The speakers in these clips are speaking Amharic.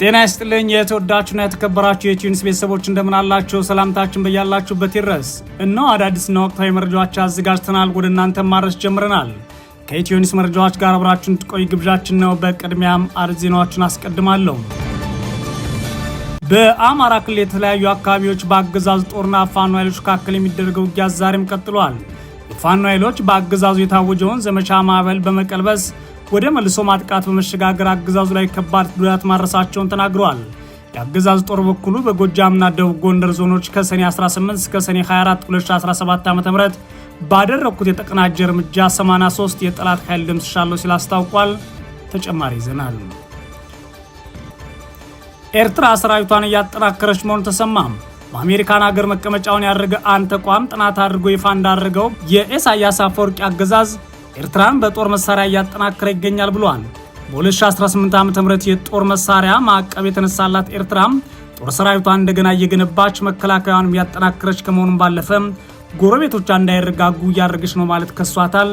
ጤና ይስጥልኝ የተወዳችሁና የተከበራችሁ የቲዩኒስ ቤተሰቦች እንደምናላችሁ ሰላምታችን በያላችሁበት ይድረስ። እነሆ አዳዲስና ወቅታዊ መረጃዎች አዘጋጅተናል ወደ እናንተ ማድረስ ጀምረናል። ከኢትዮኒስ መረጃዎች ጋር አብራችሁን እንድትቆዩ ግብዣችን ነው። በቅድሚያም አርዕስተ ዜናዎችን አስቀድማለሁ። በአማራ ክልል የተለያዩ አካባቢዎች በአገዛዙ ጦርና ፋኖ ኃይሎች መካከል የሚደረገው ውጊያ ዛሬም ቀጥሏል። ፋኖ ኃይሎች በአገዛዙ የታወጀውን ዘመቻ ማዕበል በመቀልበስ ወደ መልሶ ማጥቃት በመሸጋገር አገዛዙ ላይ ከባድ ጉዳት ማድረሳቸውን ተናግረዋል። የአገዛዝ ጦር በኩሉ በጎጃምና ደቡብ ጎንደር ዞኖች ከሰኔ 18 እስከ ሰኔ 24 2017 ዓ ም ባደረግኩት የተቀናጀ እርምጃ 83 የጠላት ኃይል ደምስሻለሁ ሲል አስታውቋል። ተጨማሪ ይዘናል። ኤርትራ ሰራዊቷን እያጠናከረች መሆኑ ተሰማም። በአሜሪካን ሀገር መቀመጫውን ያደረገ አንድ ተቋም ጥናት አድርጎ ይፋ እንዳደረገው የኢሳያስ አፈወርቂ አገዛዝ ኤርትራን በጦር መሳሪያ እያጠናከረ ይገኛል ብሏል። በ2018 ዓ ም የጦር መሳሪያ ማዕቀብ የተነሳላት ኤርትራም ጦር ሰራዊቷን እንደገና እየገነባች መከላከያዋንም እያጠናከረች ከመሆኑም ባለፈ ጎረቤቶቿ እንዳይረጋጉ እያደረገች ነው ማለት ከሷታል።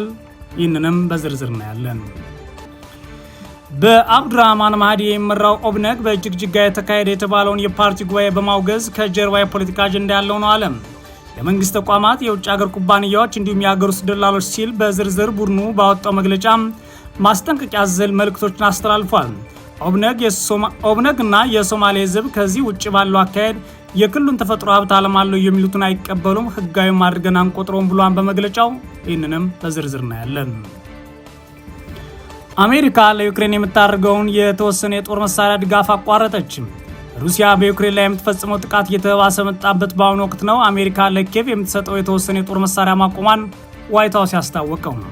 ይህንንም በዝርዝር እናያለን። በአብዱራህማን ማህዲ የሚመራው ኦብነግ በጅግጅጋ የተካሄደ የተባለውን የፓርቲ ጉባኤ በማውገዝ ከጀርባ የፖለቲካ አጀንዳ ያለው ነው አለም የመንግስት ተቋማት፣ የውጭ ሀገር ኩባንያዎች እንዲሁም የሀገር ውስጥ ደላሎች ሲል በዝርዝር ቡድኑ ባወጣው መግለጫ ማስጠንቀቂያ አዘል መልእክቶችን አስተላልፏል። ኦብነግ እና የሶማሌ ህዝብ ከዚህ ውጭ ባለው አካሄድ የክልሉን ተፈጥሮ ሀብት አለማለው የሚሉትን አይቀበሉም፣ ህጋዊም አድርገን አንቆጥረውም ብሏን በመግለጫው ይህንንም በዝርዝር እናያለን። አሜሪካ ለዩክሬን የምታደርገውን የተወሰነ የጦር መሳሪያ ድጋፍ አቋረጠችም። ሩሲያ በዩክሬን ላይ የምትፈጽመው ጥቃት እየተባሰ መጣበት በአሁኑ ወቅት ነው አሜሪካ ለኬቭ የምትሰጠው የተወሰነ የጦር መሳሪያ ማቆሟን ዋይት ሀውስ ያስታወቀው ነው።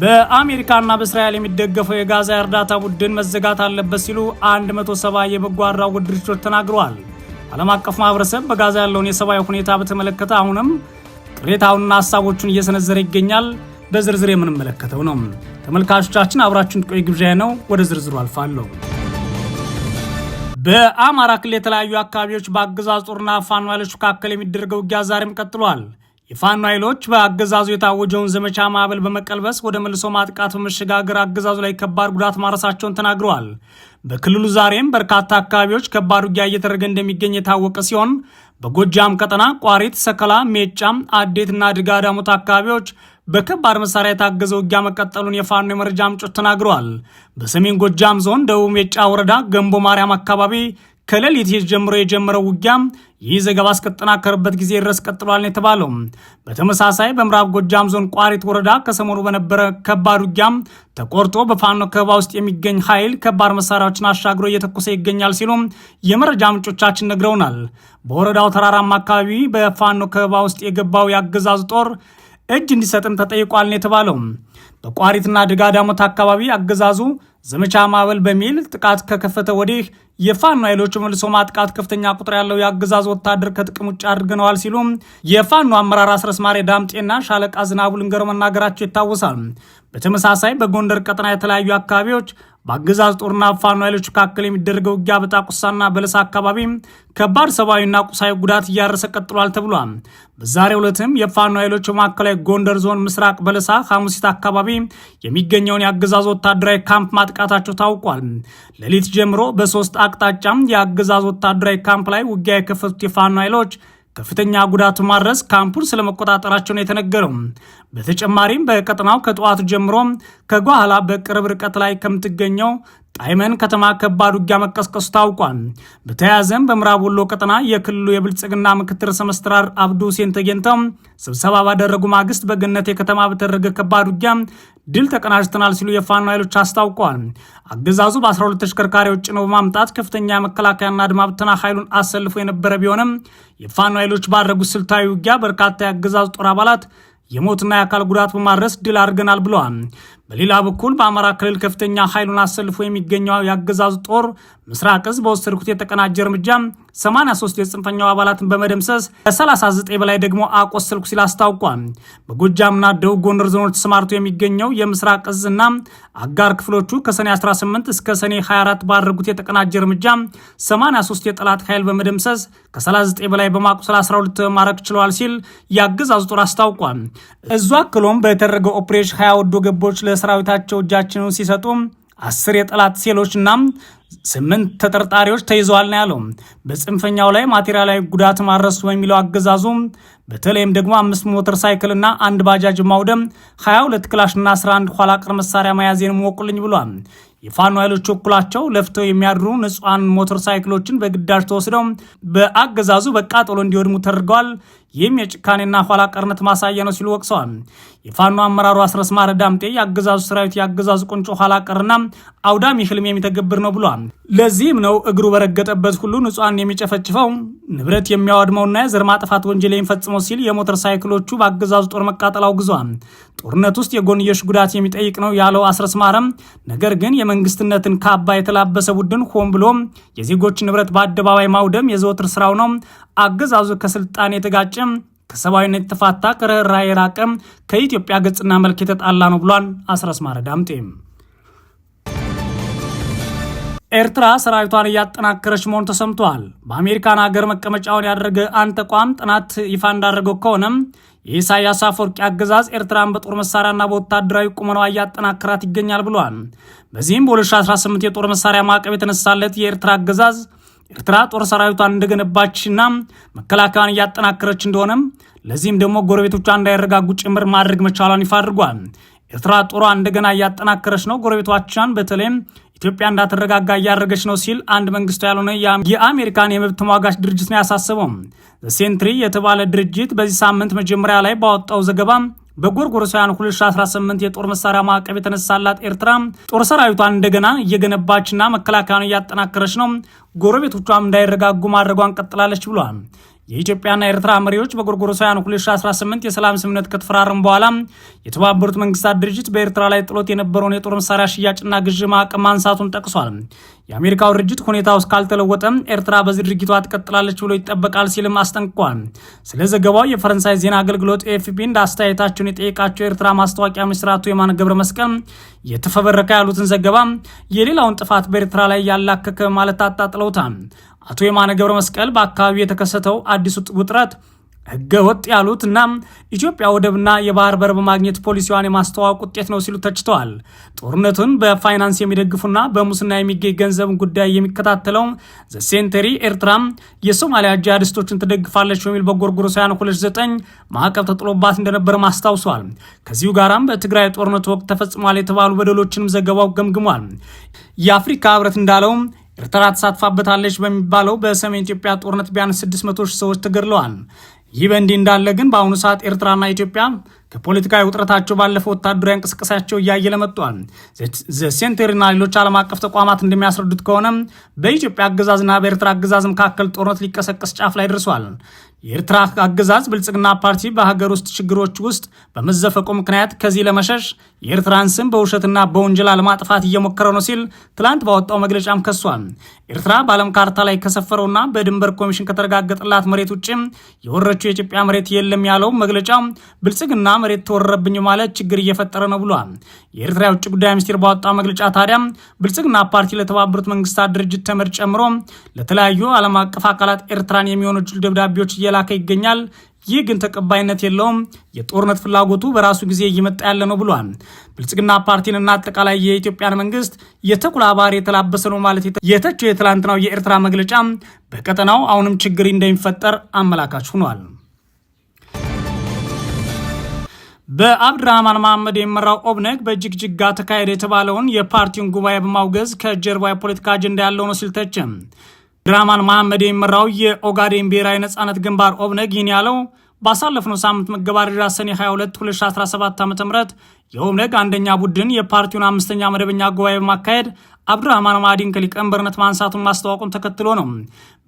በአሜሪካና በእስራኤል የሚደገፈው የጋዛ እርዳታ ቡድን መዘጋት አለበት ሲሉ 170 የበጎ አድራጎት ድርጅቶች ተናግረዋል። ዓለም አቀፍ ማህበረሰብ በጋዛ ያለውን የሰብአዊ ሁኔታ በተመለከተ አሁንም ቅሬታውንና ሀሳቦቹን እየሰነዘረ ይገኛል። በዝርዝር የምንመለከተው ነው። ተመልካቾቻችን አብራችን ቆይ ግብዣ ነው። ወደ ዝርዝሩ አልፋለሁ። በአማራ ክልል የተለያዩ አካባቢዎች በአገዛዝ ጦርና ፋኖ ኃይሎች መካከል የሚደረገው ውጊያ ዛሬም ቀጥሏል። የፋኖ ኃይሎች በአገዛዙ የታወጀውን ዘመቻ ማዕበል በመቀልበስ ወደ መልሶ ማጥቃት በመሸጋገር አገዛዙ ላይ ከባድ ጉዳት ማረሳቸውን ተናግረዋል። በክልሉ ዛሬም በርካታ አካባቢዎች ከባድ ውጊያ እየተደረገ እንደሚገኝ የታወቀ ሲሆን በጎጃም ቀጠና ቋሪት፣ ሰከላ፣ ሜጫም፣ አዴትና ድጋ ዳሞት አካባቢዎች በከባድ መሳሪያ የታገዘ ውጊያ መቀጠሉን የፋኖ የመረጃ ምንጮች ተናግረዋል። በሰሜን ጎጃም ዞን ደቡብ ሜጫ ወረዳ ገንቦ ማርያም አካባቢ ከሌሊት ጀምሮ የጀመረው ውጊያ ይህ ዘገባ እስከተጠናከረበት ጊዜ ድረስ ቀጥሏል የተባለው። በተመሳሳይ በምዕራብ ጎጃም ዞን ቋሪት ወረዳ ከሰሞኑ በነበረ ከባድ ውጊያም ተቆርጦ በፋኖ ከበባ ውስጥ የሚገኝ ኃይል ከባድ መሳሪያዎችን አሻግሮ እየተኮሰ ይገኛል ሲሉም የመረጃ ምንጮቻችን ነግረውናል። በወረዳው ተራራማ አካባቢ በፋኖ ከበባ ውስጥ የገባው የአገዛዙ ጦር እጅ እንዲሰጥም ተጠይቋል ነው የተባለው። በቋሪትና ድጋ ዳሞት አካባቢ አገዛዙ ዘመቻ ማዕበል በሚል ጥቃት ከከፈተ ወዲህ የፋኖ ኃይሎች መልሶ ማጥቃት ከፍተኛ ቁጥር ያለው የአገዛዝ ወታደር ከጥቅም ውጭ አድርገነዋል ሲሉም የፋኖ አመራር አስረስ ማሬ ዳምጤና ሻለቃ ዝናቡ ልንገረው መናገራቸው ይታወሳል። በተመሳሳይ በጎንደር ቀጠና የተለያዩ አካባቢዎች በአገዛዝ ጦርና ፋኖ ኃይሎች መካከል የሚደረገው ውጊያ በጣቁሳና በለሳ አካባቢ ከባድ ሰብአዊና ቁሳዊ ጉዳት እያደረሰ ቀጥሏል ተብሏል። በዛሬው ዕለትም የፋኖ ኃይሎች በማዕከላዊ ጎንደር ዞን ምስራቅ በለሳ ሐሙሲት አካባቢ የሚገኘውን የአገዛዝ ወታደራዊ ካምፕ ማጥቃታቸው ታውቋል። ሌሊት ጀምሮ በሶስት አቅጣጫም የአገዛዝ ወታደራዊ ካምፕ ላይ ውጊያ የከፈቱት የፋኖ ኃይሎች ከፍተኛ ጉዳት ማድረስ ካምፑን ስለመቆጣጠራቸው ነው የተነገረው። በተጨማሪም በቀጠናው ከጠዋቱ ጀምሮ ከጓኋላ በቅርብ ርቀት ላይ ከምትገኘው ጣይመን ከተማ ከባድ ውጊያ መቀስቀሱ ታውቋል። በተያያዘም በምዕራብ ወሎ ቀጠና የክልሉ የብልጽግና ምክትል ርዕሰ መስተዳድር አብዱ ሁሴን ተገኝተው ስብሰባ ባደረጉ ማግስት በገነቴ ከተማ በተደረገ ከባድ ውጊያ ድል ተቀናጅተናል ሲሉ የፋኖ ኃይሎች አስታውቀዋል። አገዛዙ በ12 ተሽከርካሪዎች ጭኖ በማምጣት ከፍተኛ መከላከያና ድማ ብተና ኃይሉን አሰልፎ የነበረ ቢሆንም የፋኖ ኃይሎች ባደረጉት ስልታዊ ውጊያ በርካታ የአገዛዙ ጦር አባላት የሞትና የአካል ጉዳት በማድረስ ድል አድርገናል ብለዋል። በሌላ በኩል በአማራ ክልል ከፍተኛ ኃይሉን አሰልፎ የሚገኘው የአገዛዙ ጦር ምስራቅ እዝ በወሰድኩት የተቀናጀ እርምጃ 83 የጽንፈኛው አባላትን በመደምሰስ ከ39 በላይ ደግሞ አቆሰልኩ ሲል አስታውቋል። በጎጃምና ደቡብ ጎንደር ዞኖች ተሰማርቶ የሚገኘው የምስራቅ እዝና አጋር ክፍሎቹ ከሰኔ 18 እስከ ሰኔ 24 ባደረጉት የተቀናጀ እርምጃ 83 የጠላት ኃይል በመደምሰስ ከ39 በላይ በማቁሰል 12 ማረክ ችለዋል ሲል የአገዛዙ ጦር አስታውቋል። እዙ አክሎም በተደረገው ኦፕሬሽን 20 ወዶ ገቦች ለሰራዊታቸው እጃችንን ሲሰጡ አስር የጠላት ሴሎችና ስምንት ተጠርጣሪዎች ተይዘዋል ነው ያለው። በጽንፈኛው ላይ ማቴሪያላዊ ጉዳት ማድረሱ በሚለው አገዛዙ በተለይም ደግሞ አምስት ሞተር ሳይክልና አንድ ባጃጅ ማውደም 22 ክላሽና 11 ኋላ ቀር መሳሪያ መያዜን ወቁልኝ ብሏል። የፋኖ ኃይሎች ወኩላቸው ለፍተው የሚያድሩ ንጹሐን ሞተር ሳይክሎችን በግዳጅ ተወስደው በአገዛዙ በቃጠሎ እንዲወድሙ ተደርገዋል። ይህም የጭካኔና ኋላ ቀርነት ማሳያ ነው ሲሉ ወቅሰዋል። የፋኖ አመራሩ አስረስ ማረ ዳምጤ የአገዛዙ ሰራዊት የአገዛዙ ቁንጮ ኋላ ቀርና አውዳሚ ህልም የሚተገብር ነው ብሏል። ለዚህም ነው እግሩ በረገጠበት ሁሉ ንጹሐን የሚጨፈጭፈው ንብረት የሚያወድመውና የዘር ማጥፋት ወንጀል የሚፈጽመው ሲል የሞተር ሳይክሎቹ በአገዛዙ ጦር መቃጠል አውግዟል። ጦርነት ውስጥ የጎንዮሽ ጉዳት የሚጠይቅ ነው ያለው አስረስማረም ነገር ግን የመንግስትነትን ካባ የተላበሰ ቡድን ሆን ብሎ የዜጎች ንብረት በአደባባይ ማውደም የዘወትር ስራው ነው። አገዛዙ ከስልጣን የተጋጨ ከሰብአዊነት የተፋታ ከርኅራኄ የራቀ ከኢትዮጵያ ገጽና መልክ የተጣላ ነው ብሏል አስረስማረ ዳምጤም። ኤርትራ ሰራዊቷን እያጠናከረች መሆኑ ተሰምቷል። በአሜሪካን ሀገር መቀመጫውን ያደረገ አንድ ተቋም ጥናት ይፋ እንዳደረገው ከሆነም የኢሳያስ አፈወርቂ አገዛዝ ኤርትራን በጦር መሳሪያና በወታደራዊ ቁመናዋ እያጠናከራት ይገኛል ብሏል። በዚህም በ2018 የጦር መሳሪያ ማዕቀብ የተነሳለት የኤርትራ አገዛዝ ኤርትራ ጦር ሰራዊቷን እንደገነባችና መከላከያን እያጠናከረች እንደሆነም ለዚህም ደግሞ ጎረቤቶቿ እንዳይረጋጉ ጭምር ማድረግ መቻሏን ይፋ አድርጓል። ኤርትራ ጦሯ እንደገና እያጠናከረች ነው። ጎረቤቶቿን በተለይም ኢትዮጵያ እንዳትረጋጋ እያደረገች ነው ሲል አንድ መንግስቱ ያልሆነ የአሜሪካን የመብት ተሟጋች ድርጅት ነው ያሳስበው። ሴንትሪ የተባለ ድርጅት በዚህ ሳምንት መጀመሪያ ላይ ባወጣው ዘገባ በጎርጎሮሳውያን 2018 የጦር መሳሪያ ማዕቀብ የተነሳላት ኤርትራ ጦር ሰራዊቷን እንደገና እየገነባችና መከላከያን እያጠናከረች ነው፣ ጎረቤቶቿም እንዳይረጋጉ ማድረጓን ቀጥላለች ብሏል። የኢትዮጵያና የኤርትራ መሪዎች በጎርጎሮሳውያን 2018 የሰላም ስምምነት ከተፈራረሙ በኋላ የተባበሩት መንግስታት ድርጅት በኤርትራ ላይ ጥሎት የነበረውን የጦር መሳሪያ ሽያጭና ግዥ ማዕቀብ ማንሳቱን ጠቅሷል። የአሜሪካው ድርጅት ሁኔታው እስካልተለወጠ ኤርትራ በዚህ ድርጊቷ ትቀጥላለች ብሎ ይጠበቃል ሲልም አስጠንቅቋል። ስለ ዘገባው የፈረንሳይ ዜና አገልግሎት ኤፍፒ እንደ አስተያየታቸውን የጠየቃቸው የኤርትራ ማስታወቂያ ሚኒስትር አቶ የማነ ገብረ መስቀል የተፈበረከ ያሉትን ዘገባ የሌላውን ጥፋት በኤርትራ ላይ ያላከከ ማለት አጣጥለውታል። አቶ የማነ ገብረ መስቀል በአካባቢው የተከሰተው አዲሱ ውጥረት ህገ ወጥ ያሉት እና ኢትዮጵያ ወደብና የባህር በር በማግኘት ፖሊሲዋን የማስተዋወቅ ውጤት ነው ሲሉ ተችተዋል። ጦርነቱን በፋይናንስ የሚደግፉና በሙስና የሚገኝ ገንዘብ ጉዳይ የሚከታተለው ዘሴንተሪ ኤርትራም የሶማሊያ ጂሃዲስቶችን ትደግፋለች በሚል በጎርጎሮሳውያን 29 ማዕቀብ ተጥሎባት እንደነበር አስታውሷል። ከዚሁ ጋራም በትግራይ ጦርነቱ ወቅት ተፈጽሟል የተባሉ በደሎችንም ዘገባው ገምግሟል። የአፍሪካ ህብረት እንዳለው ኤርትራ ተሳትፋበታለች በሚባለው በሰሜን ኢትዮጵያ ጦርነት ቢያንስ 600 ሺህ ሰዎች ተገድለዋል። ይህ በእንዲህ እንዳለ ግን በአሁኑ ሰዓት ኤርትራና ኢትዮጵያ ከፖለቲካዊ ውጥረታቸው ባለፈው ወታደራዊ እንቅስቃሴያቸው እያየለ መጥቷል። ዘሴንተሪና ሌሎች ዓለም አቀፍ ተቋማት እንደሚያስረዱት ከሆነ በኢትዮጵያ አገዛዝና በኤርትራ አገዛዝ መካከል ጦርነት ሊቀሰቀስ ጫፍ ላይ ደርሷል። የኤርትራ አገዛዝ ብልጽግና ፓርቲ በሀገር ውስጥ ችግሮች ውስጥ በመዘፈቁ ምክንያት ከዚህ ለመሸሽ የኤርትራን ስም በውሸትና በወንጀላ ለማጥፋት እየሞከረ ነው ሲል ትላንት ባወጣው መግለጫም ከሷል። ኤርትራ በዓለም ካርታ ላይ ከሰፈረውና በድንበር ኮሚሽን ከተረጋገጠላት መሬት ውጭም የወረችው የኢትዮጵያ መሬት የለም ያለው መግለጫው ብልጽግና መሬት ተወረረብኝ ማለት ችግር እየፈጠረ ነው ብሏል። የኤርትራ የውጭ ጉዳይ ሚኒስቴር ባወጣ መግለጫ ታዲያ ብልጽግና ፓርቲ ለተባበሩት መንግስታት ድርጅት ተመድ ጨምሮ ለተለያዩ ዓለም አቀፍ አካላት ኤርትራን የሚሆኑ ደብዳቤዎች እየላከ ይገኛል። ይህ ግን ተቀባይነት የለውም። የጦርነት ፍላጎቱ በራሱ ጊዜ እየመጣ ያለ ነው ብሏል። ብልጽግና ፓርቲንና አጠቃላይ የኢትዮጵያን መንግስት የተኩላ ባህር የተላበሰ ነው ማለት የተቸው የትላንትናው የኤርትራ መግለጫ በቀጠናው አሁንም ችግር እንደሚፈጠር አመላካች ሆኗል። በአብድራህማን መሐመድ የሚመራው ኦብነግ በጅግጅጋ ተካሄደ የተባለውን የፓርቲውን ጉባኤ በማውገዝ ከጀርባ የፖለቲካ አጀንዳ ያለው ነው ሲል ተቸም። አብድራህማን መሐመድ የሚመራው የኦጋዴን ብሔራዊ ነጻነት ግንባር ኦብነግ ይህን ያለው ባሳለፍነው ሳምንት መገባደጃ ሰኔ 22 2017 ዓ ም የኦብነግ አንደኛ ቡድን የፓርቲውን አምስተኛ መደበኛ ጉባኤ በማካሄድ አብዱራህማን ማዲን ከሊቀመንበርነት ማንሳቱን ማስታወቁን ተከትሎ ነው።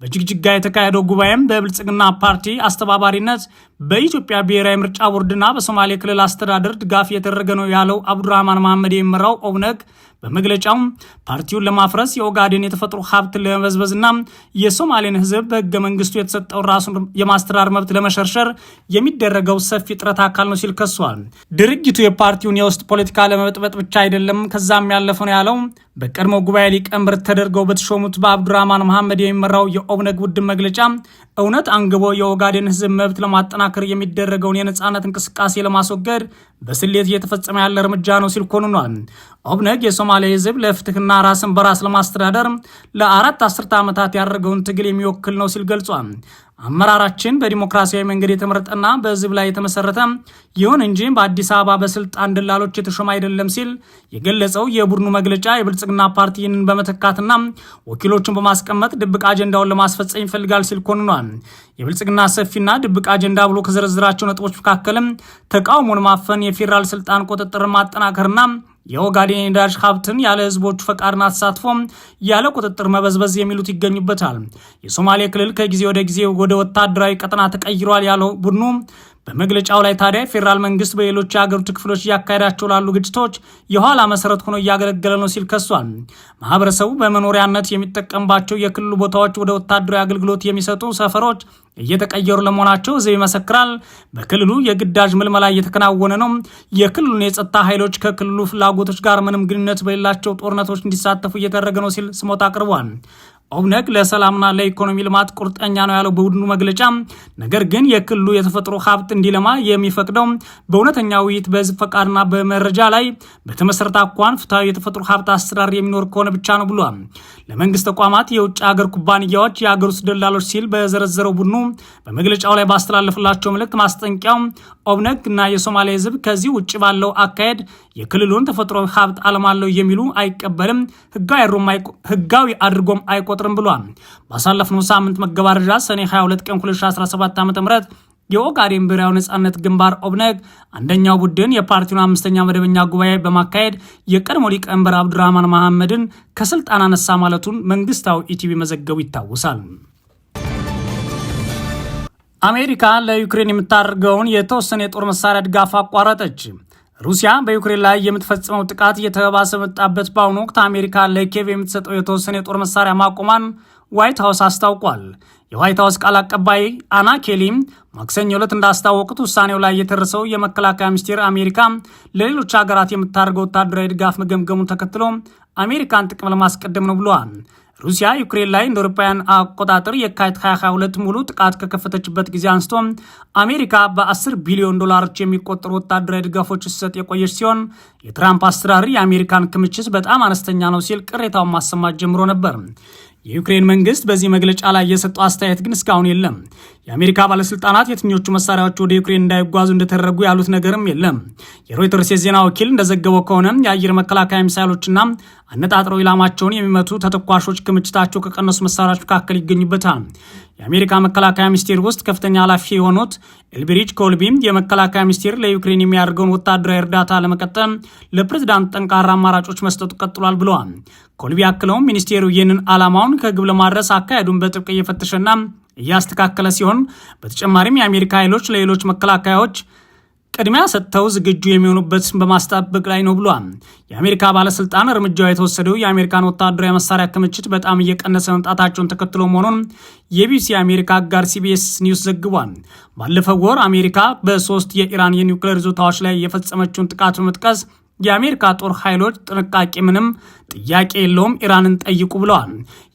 በጅግጅጋ የተካሄደው ጉባኤም በብልጽግና ፓርቲ አስተባባሪነት በኢትዮጵያ ብሔራዊ ምርጫ ቦርድና በሶማሌ ክልል አስተዳደር ድጋፍ እየተደረገ ነው ያለው አብዱራህማን መሐመድ የሚመራው ኦብነግ በመግለጫው ፓርቲውን ለማፍረስ የኦጋዴን የተፈጥሮ ሀብት ለመበዝበዝና የሶማሌን ህዝብ በህገ መንግስቱ የተሰጠውን ራሱን የማስተራር መብት ለመሸርሸር የሚደረገው ሰፊ ጥረት አካል ነው ሲል ከሷል። ድርጊቱ የፓርቲውን የውስጥ ፖለቲካ ለመበጥበጥ ብቻ አይደለም ከዛም ያለፈ ነው ያለው በቀድሞ ጉባኤ ሊቀመንበር ተደርገው በተሾሙት በአብዱራህማን መሐመድ የሚመራው የኦብነግ ውድብ መግለጫ እውነት አንግቦ የኦጋዴን ህዝብ መብት ለማጠናከር የሚደረገውን የነጻነት እንቅስቃሴ ለማስወገድ በስሌት እየተፈጸመ ያለ እርምጃ ነው ሲል ኮንኗል። ኦብነግ የሶማሌ ህዝብ ለፍትህና ራስን በራስ ለማስተዳደር ለአራት አስርተ ዓመታት ያደረገውን ትግል የሚወክል ነው ሲል ገልጿል። አመራራችን በዲሞክራሲያዊ መንገድ የተመረጠና በህዝብ ላይ የተመሰረተ ይሁን እንጂ በአዲስ አበባ በስልጣን ደላሎች የተሾመ አይደለም ሲል የገለጸው የቡድኑ መግለጫ የብልጽግና ፓርቲ ይህንን በመተካትና ወኪሎቹን በማስቀመጥ ድብቅ አጀንዳውን ለማስፈጸም ይፈልጋል ሲል ኮንኗል። የብልጽግና ሰፊና ድብቅ አጀንዳ ብሎ ከዘረዝራቸው ነጥቦች መካከልም ተቃውሞን ማፈን፣ የፌዴራል ስልጣን ቁጥጥርን ማጠናከርና የኦጋዴን የነዳጅ ሀብትን ያለ ህዝቦቹ ፈቃድና አሳትፎ ያለ ቁጥጥር መበዝበዝ የሚሉት ይገኙበታል። የሶማሌ ክልል ከጊዜ ወደ ጊዜ ወደ ወታደራዊ ቀጠና ተቀይሯል ያለው ቡድኑ በመግለጫው ላይ ታዲያ የፌዴራል መንግስት በሌሎች የሀገሪቱ ክፍሎች እያካሄዳቸው ላሉ ግጭቶች የኋላ መሰረት ሆኖ እያገለገለ ነው ሲል ከሷል። ማህበረሰቡ በመኖሪያነት የሚጠቀምባቸው የክልሉ ቦታዎች ወደ ወታደራዊ አገልግሎት የሚሰጡ ሰፈሮች እየተቀየሩ ለመሆናቸው ህዝብ ይመሰክራል። በክልሉ የግዳጅ ምልመላ እየተከናወነ ነው። የክልሉን የጸጥታ ኃይሎች ከክልሉ ፍላጎቶች ጋር ምንም ግንኙነት በሌላቸው ጦርነቶች እንዲሳተፉ እየተደረገ ነው ሲል ስሞት አቅርቧል። ኦብነግ ለሰላምና ለኢኮኖሚ ልማት ቁርጠኛ ነው ያለው በቡድኑ መግለጫ፣ ነገር ግን የክልሉ የተፈጥሮ ሀብት እንዲለማ የሚፈቅደው በእውነተኛ ውይይት፣ በህዝብ ፈቃድና በመረጃ ላይ በተመሰረተ አኳን ፍትሐዊ የተፈጥሮ ሀብት አሰራር የሚኖር ከሆነ ብቻ ነው ብሏል። ለመንግስት ተቋማት፣ የውጭ ሀገር ኩባንያዎች፣ የሀገር ውስጥ ደላሎች ሲል በዘረዘረው ቡድኑ በመግለጫው ላይ ባስተላለፍላቸው መልእክት ማስጠንቀቂያው ኦብነግ እና የሶማሌ ህዝብ ከዚህ ውጭ ባለው አካሄድ የክልሉን ተፈጥሮ ሀብት አለማለው የሚሉ አይቀበልም፣ ህጋዊ አድርጎም አይቆ አይቆጥርም ብሏል። ባሳለፍነው ሳምንት መገባደጃ ሰኔ 22 ቀን 2017 ዓ ም የኦጋዴን ብሔራዊ ነጻነት ግንባር ኦብነግ አንደኛው ቡድን የፓርቲውን አምስተኛ መደበኛ ጉባኤ በማካሄድ የቀድሞ ሊቀመንበር አብዱራህማን መሐመድን ከስልጣን አነሳ ማለቱን መንግስታዊ ኢቲቪ መዘገቡ ይታወሳል። አሜሪካ ለዩክሬን የምታደርገውን የተወሰነ የጦር መሳሪያ ድጋፍ አቋረጠች። ሩሲያ በዩክሬን ላይ የምትፈጽመው ጥቃት እየተባሰ በአሁኑ ወቅት አሜሪካ ለኬቭ የምትሰጠው የተወሰነ የጦር መሳሪያ ማቆሟን ዋይት ሀውስ አስታውቋል። የዋይት ሀውስ ቃል አቀባይ አና ኬሊ ማክሰኞ ዕለት እንዳስታወቁት ውሳኔው ላይ የተደረሰው የመከላከያ ሚኒስቴር አሜሪካ ለሌሎች ሀገራት የምታደርገው ወታደራዊ ድጋፍ መገምገሙን ተከትሎ አሜሪካን ጥቅም ለማስቀደም ነው ብለዋል። ሩሲያ ዩክሬን ላይ እንደ አውሮፓውያን አቆጣጠር የካቲት 2022 ሙሉ ጥቃት ከከፈተችበት ጊዜ አንስቶ አሜሪካ በ10 ቢሊዮን ዶላሮች የሚቆጠሩ ወታደራዊ ድጋፎች ሲሰጥ የቆየች ሲሆን የትራምፕ አስተዳደር የአሜሪካን ክምችት በጣም አነስተኛ ነው ሲል ቅሬታውን ማሰማት ጀምሮ ነበር። የዩክሬን መንግስት በዚህ መግለጫ ላይ የሰጠው አስተያየት ግን እስካሁን የለም። የአሜሪካ ባለስልጣናት የትኞቹ መሳሪያዎች ወደ ዩክሬን እንዳይጓዙ እንደተደረጉ ያሉት ነገርም የለም። የሮይተርስ የዜና ወኪል እንደዘገበው ከሆነ የአየር መከላከያ ሚሳይሎችና አነጣጥረው ኢላማቸውን የሚመቱ ተተኳሾች ክምችታቸው ከቀነሱ መሳሪያዎች መካከል ይገኙበታል። የአሜሪካ መከላከያ ሚኒስቴር ውስጥ ከፍተኛ ኃላፊ የሆኑት ኤልብሪጅ ኮልቢም የመከላከያ ሚኒስቴር ለዩክሬን የሚያደርገውን ወታደራዊ እርዳታ ለመቀጠም ለፕሬዝዳንት ጠንካራ አማራጮች መስጠቱ ቀጥሏል ብለዋል። ኮልቢ አክለውም ሚኒስቴሩ ይህንን ዓላማውን ከግብ ለማድረስ አካሄዱን በጥብቅ እየፈተሸና እያስተካከለ ሲሆን በተጨማሪም የአሜሪካ ኃይሎች ለሌሎች መከላከያዎች ቅድሚያ ሰጥተው ዝግጁ የሚሆኑበትን በማስጠበቅ ላይ ነው ብሏል። የአሜሪካ ባለስልጣን እርምጃው የተወሰደው የአሜሪካን ወታደራዊ መሳሪያ ክምችት በጣም እየቀነሰ መምጣታቸውን ተከትሎ መሆኑን የቢቢሲ አሜሪካ አጋር ሲቢኤስ ኒውስ ዘግቧል። ባለፈው ወር አሜሪካ በሶስት የኢራን የኒውክሌር ዞታዎች ላይ የፈጸመችውን ጥቃት በመጥቀስ የአሜሪካ ጦር ኃይሎች ጥንቃቄ ምንም ጥያቄ የለውም፣ ኢራንን ጠይቁ ብለዋል።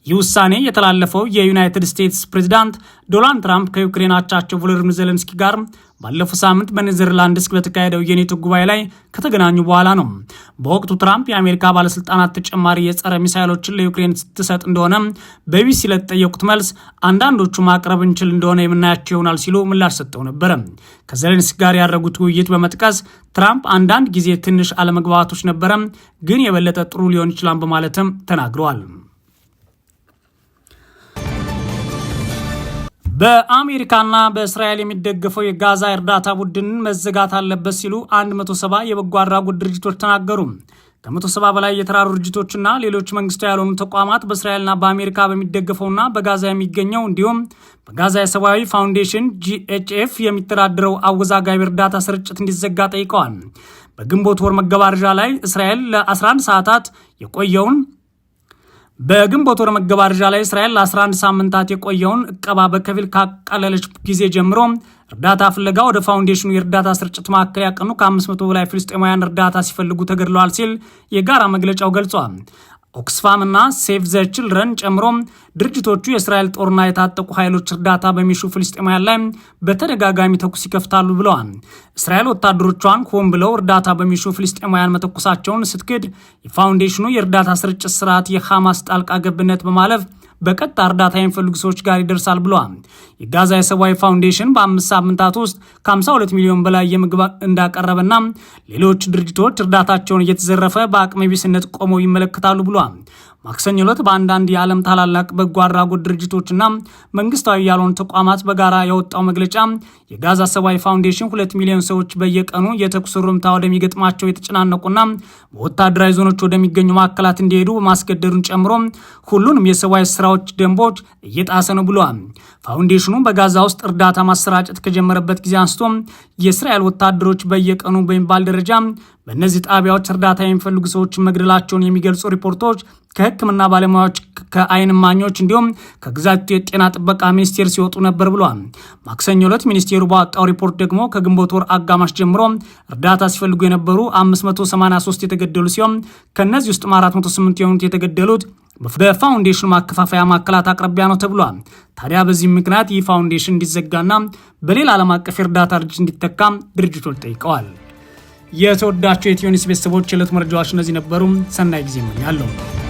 ይህ ውሳኔ የተላለፈው የዩናይትድ ስቴትስ ፕሬዚዳንት ዶናልድ ትራምፕ ከዩክሬን አቻቸው ቮሎዲሚር ዜሌንስኪ ጋር ባለፈው ሳምንት በኔዘርላንድስ በተካሄደው የኔቶ ጉባኤ ላይ ከተገናኙ በኋላ ነው። በወቅቱ ትራምፕ የአሜሪካ ባለስልጣናት ተጨማሪ የጸረ ሚሳይሎችን ለዩክሬን ስትሰጥ እንደሆነ በቢቢሲ ለተጠየቁት መልስ አንዳንዶቹ ማቅረብ እንችል እንደሆነ የምናያቸው ይሆናል ሲሉ ምላሽ ሰጥተው ነበረ። ከዘለንስኪ ጋር ያደረጉት ውይይት በመጥቀስ ትራምፕ አንዳንድ ጊዜ ትንሽ አለመግባባቶች ነበረ፣ ግን የበለጠ ጥሩ ሊሆን ይችላል በማለትም ተናግረዋል። በአሜሪካና በእስራኤል የሚደገፈው የጋዛ እርዳታ ቡድን መዘጋት አለበት ሲሉ 170 የበጎ አድራጎት ድርጅቶች ተናገሩ። ሰባ በላይ የተራሩ ድርጅቶችና ሌሎች መንግስታዊ ያልሆኑ ተቋማት በእስራኤልና በአሜሪካ በሚደገፈውና በጋዛ የሚገኘው እንዲሁም በጋዛ የሰብአዊ ፋውንዴሽን ጂኤችኤፍ የሚተዳደረው አወዛጋቢ እርዳታ ስርጭት እንዲዘጋ ጠይቀዋል። በግንቦት ወር መገባደጃ ላይ እስራኤል ለ11 ሰዓታት የቆየውን በግንቦት ወር መገባደጃ ላይ እስራኤል ለ11 ሳምንታት የቆየውን እቀባ በከፊል ካቀለለች ጊዜ ጀምሮ እርዳታ ፍለጋ ወደ ፋውንዴሽኑ የእርዳታ ስርጭት ማዕከል ያቀኑ ከ500 በላይ ፍልስጤማውያን እርዳታ ሲፈልጉ ተገድለዋል ሲል የጋራ መግለጫው ገልጿል። ኦክስፋም ሴቭ ዘ ችልድረን ጨምሮ ድርጅቶቹ የእስራኤል ጦርና የታጠቁ ኃይሎች እርዳታ በሚሹ ፍልስጤማውያን ላይ በተደጋጋሚ ተኩስ ይከፍታሉ ብለዋል። እስራኤል ወታደሮቿን ሆን ብለው እርዳታ በሚሹ ፍልስጤማውያን መተኩሳቸውን ስትክድ የፋውንዴሽኑ የእርዳታ ስርጭት ስርዓት የሐማስ ጣልቃ ገብነት በማለፍ በቀጥታ እርዳታ የሚፈልጉ ሰዎች ጋር ይደርሳል ብለዋል። የጋዛ የሰብአዊ ፋውንዴሽን በአምስት ሳምንታት ውስጥ ከ52 ሚሊዮን በላይ የምግብ እንዳቀረበና ሌሎች ድርጅቶች እርዳታቸውን እየተዘረፈ በአቅመ ቢስነት ቆመው ይመለከታሉ ብለዋል። ማክሰኞ ዕለት በአንዳንድ የዓለም ታላላቅ በጎ አድራጎት ድርጅቶችና መንግስታዊ ያልሆኑ ተቋማት በጋራ ያወጣው መግለጫ የጋዛ ሰብአዊ ፋውንዴሽን ሁለት ሚሊዮን ሰዎች በየቀኑ የተኩስ ሩምታ ወደሚገጥማቸው የተጨናነቁና በወታደራዊ ዞኖች ወደሚገኙ ማዕከላት እንዲሄዱ ማስገደዱን ጨምሮ ሁሉንም የሰብአዊ ስራዎች ደንቦች እየጣሰ ነው ብለዋል። ፋውንዴሽኑ በጋዛ ውስጥ እርዳታ ማሰራጨት ከጀመረበት ጊዜ አንስቶ የእስራኤል ወታደሮች በየቀኑ በሚባል ደረጃ በእነዚህ ጣቢያዎች እርዳታ የሚፈልጉ ሰዎች መግደላቸውን የሚገልጹ ሪፖርቶች ከህክምና ባለሙያዎች ከአይን ማኞች እንዲሁም ከግዛቱ የጤና ጥበቃ ሚኒስቴር ሲወጡ ነበር ብሏል። ማክሰኞ ዕለት ሚኒስቴሩ ባወጣው ሪፖርት ደግሞ ከግንቦት ወር አጋማሽ ጀምሮ እርዳታ ሲፈልጉ የነበሩ 583 የተገደሉ ሲሆን ከእነዚህ ውስጥ 408 የሆኑት የተገደሉት በፋውንዴሽኑ ማከፋፈያ ማዕከላት አቅርቢያ ነው ተብሏል። ታዲያ በዚህም ምክንያት ይህ ፋውንዴሽን እንዲዘጋና በሌላ ዓለም አቀፍ የእርዳታ ድርጅት እንዲተካ ድርጅቶች ጠይቀዋል። የተወዳቸው የኢትዮ ኒውስ ቤተሰቦች የዕለቱ መረጃዎች እነዚህ ነበሩ። ሰናይ ጊዜ እመኛለሁ።